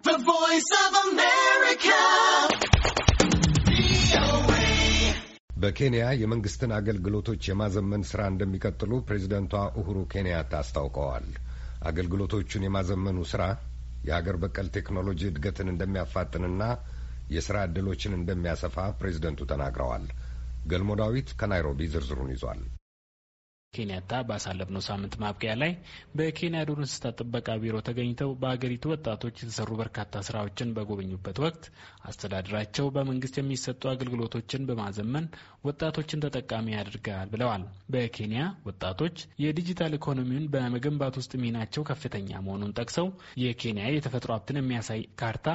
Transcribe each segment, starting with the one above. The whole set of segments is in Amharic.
The Voice of America. በኬንያ የመንግስትን አገልግሎቶች የማዘመን ስራ እንደሚቀጥሉ ፕሬዚደንቷ ኡሁሩ ኬንያታ አስታውቀዋል። አገልግሎቶቹን የማዘመኑ ስራ የሀገር በቀል ቴክኖሎጂ እድገትን እንደሚያፋጥንና የስራ ዕድሎችን እንደሚያሰፋ ፕሬዚደንቱ ተናግረዋል። ገልሞ ዳዊት ከናይሮቢ ዝርዝሩን ይዟል። ኬንያታ ባሳለፍነው ሳምንት ማብቂያ ላይ በኬንያ ዱር እንስሳት ጥበቃ ቢሮ ተገኝተው በአገሪቱ ወጣቶች የተሰሩ በርካታ ስራዎችን በጎበኙበት ወቅት አስተዳደራቸው በመንግስት የሚሰጡ አገልግሎቶችን በማዘመን ወጣቶችን ተጠቃሚ ያደርጋል ብለዋል። በኬንያ ወጣቶች የዲጂታል ኢኮኖሚውን በመገንባት ውስጥ ሚናቸው ከፍተኛ መሆኑን ጠቅሰው የኬንያ የተፈጥሮ ሀብትን የሚያሳይ ካርታ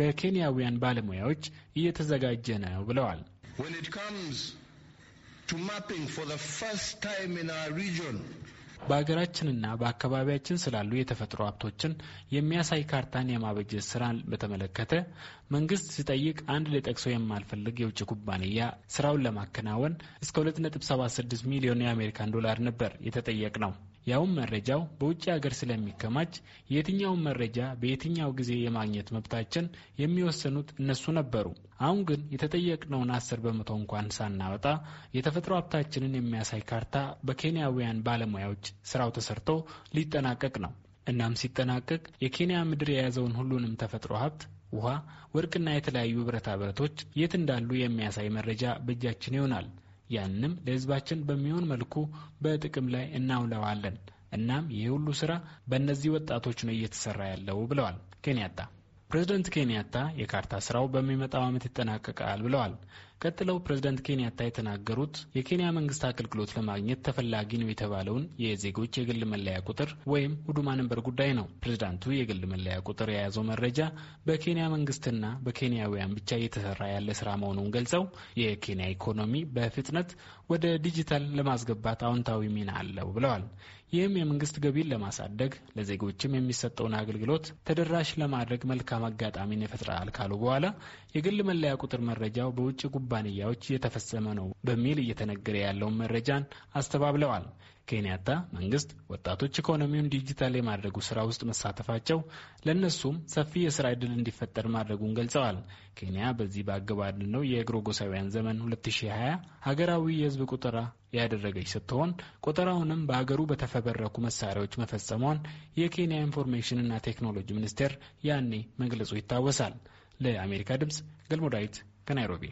በኬንያውያን ባለሙያዎች እየተዘጋጀ ነው ብለዋል። በሀገራችንና በአካባቢያችን ስላሉ የተፈጥሮ ሀብቶችን የሚያሳይ ካርታን የማበጀት ስራን በተመለከተ መንግስት ሲጠይቅ አንድ ልጠቅሰው የማልፈልግ የውጭ ኩባንያ ስራውን ለማከናወን እስከ 2.76 ሚሊዮን የአሜሪካን ዶላር ነበር የተጠየቅ ነው። ያውም መረጃው በውጭ ሀገር ስለሚከማች የትኛውን መረጃ በየትኛው ጊዜ የማግኘት መብታችን የሚወሰኑት እነሱ ነበሩ። አሁን ግን የተጠየቅነውን አስር በመቶ እንኳን ሳናወጣ የተፈጥሮ ሀብታችንን የሚያሳይ ካርታ በኬንያውያን ባለሙያዎች ስራው ተሰርቶ ሊጠናቀቅ ነው። እናም ሲጠናቀቅ የኬንያ ምድር የያዘውን ሁሉንም ተፈጥሮ ሀብት ውሃ፣ ወርቅና የተለያዩ ብረታ ብረቶች የት እንዳሉ የሚያሳይ መረጃ በእጃችን ይሆናል። ያንም ለህዝባችን በሚሆን መልኩ በጥቅም ላይ እናውለዋለን። እናም ይህ ሁሉ ስራ በእነዚህ ወጣቶች ነው እየተሰራ ያለው ብለዋል ኬንያታ። ፕሬዝደንት ኬንያታ የካርታ ስራው በሚመጣው ዓመት ይጠናቀቃል ብለዋል። ቀጥለው ፕሬዝዳንት ኬንያታ የተናገሩት የኬንያ መንግስት አገልግሎት ለማግኘት ተፈላጊ ነው የተባለውን የዜጎች የግል መለያ ቁጥር ወይም ሁዱማ ነንበር ጉዳይ ነው። ፕሬዝዳንቱ የግል መለያ ቁጥር የያዘው መረጃ በኬንያ መንግስትና በኬንያውያን ብቻ እየተሰራ ያለ ስራ መሆኑን ገልጸው የኬንያ ኢኮኖሚ በፍጥነት ወደ ዲጂታል ለማስገባት አዎንታዊ ሚና አለው ብለዋል። ይህም የመንግስት ገቢን ለማሳደግ ለዜጎችም የሚሰጠውን አገልግሎት ተደራሽ ለማድረግ መልካም አጋጣሚን ይፈጥራል ካሉ በኋላ የግል መለያ ቁጥር መረጃው በውጭ ኩባንያዎች የተፈጸመ ነው በሚል እየተነገረ ያለውን መረጃን አስተባብለዋል። ኬንያታ መንግስት ወጣቶች ኢኮኖሚውን ዲጂታል የማድረጉ ስራ ውስጥ መሳተፋቸው ለእነሱም ሰፊ የስራ ዕድል እንዲፈጠር ማድረጉን ገልጸዋል። ኬንያ በዚህ የእግሮ ጎሳውያን ዘመን 2020 ሀገራዊ የህዝብ ቁጠራ ያደረገች ስትሆን ቆጠራውንም በሀገሩ በተፈበረኩ መሳሪያዎች መፈጸሟን የኬንያ ኢንፎርሜሽንና ቴክኖሎጂ ሚኒስቴር ያኔ መግለጹ ይታወሳል። ለአሜሪካ ድምፅ ገልሞዳዊት ከናይሮቢ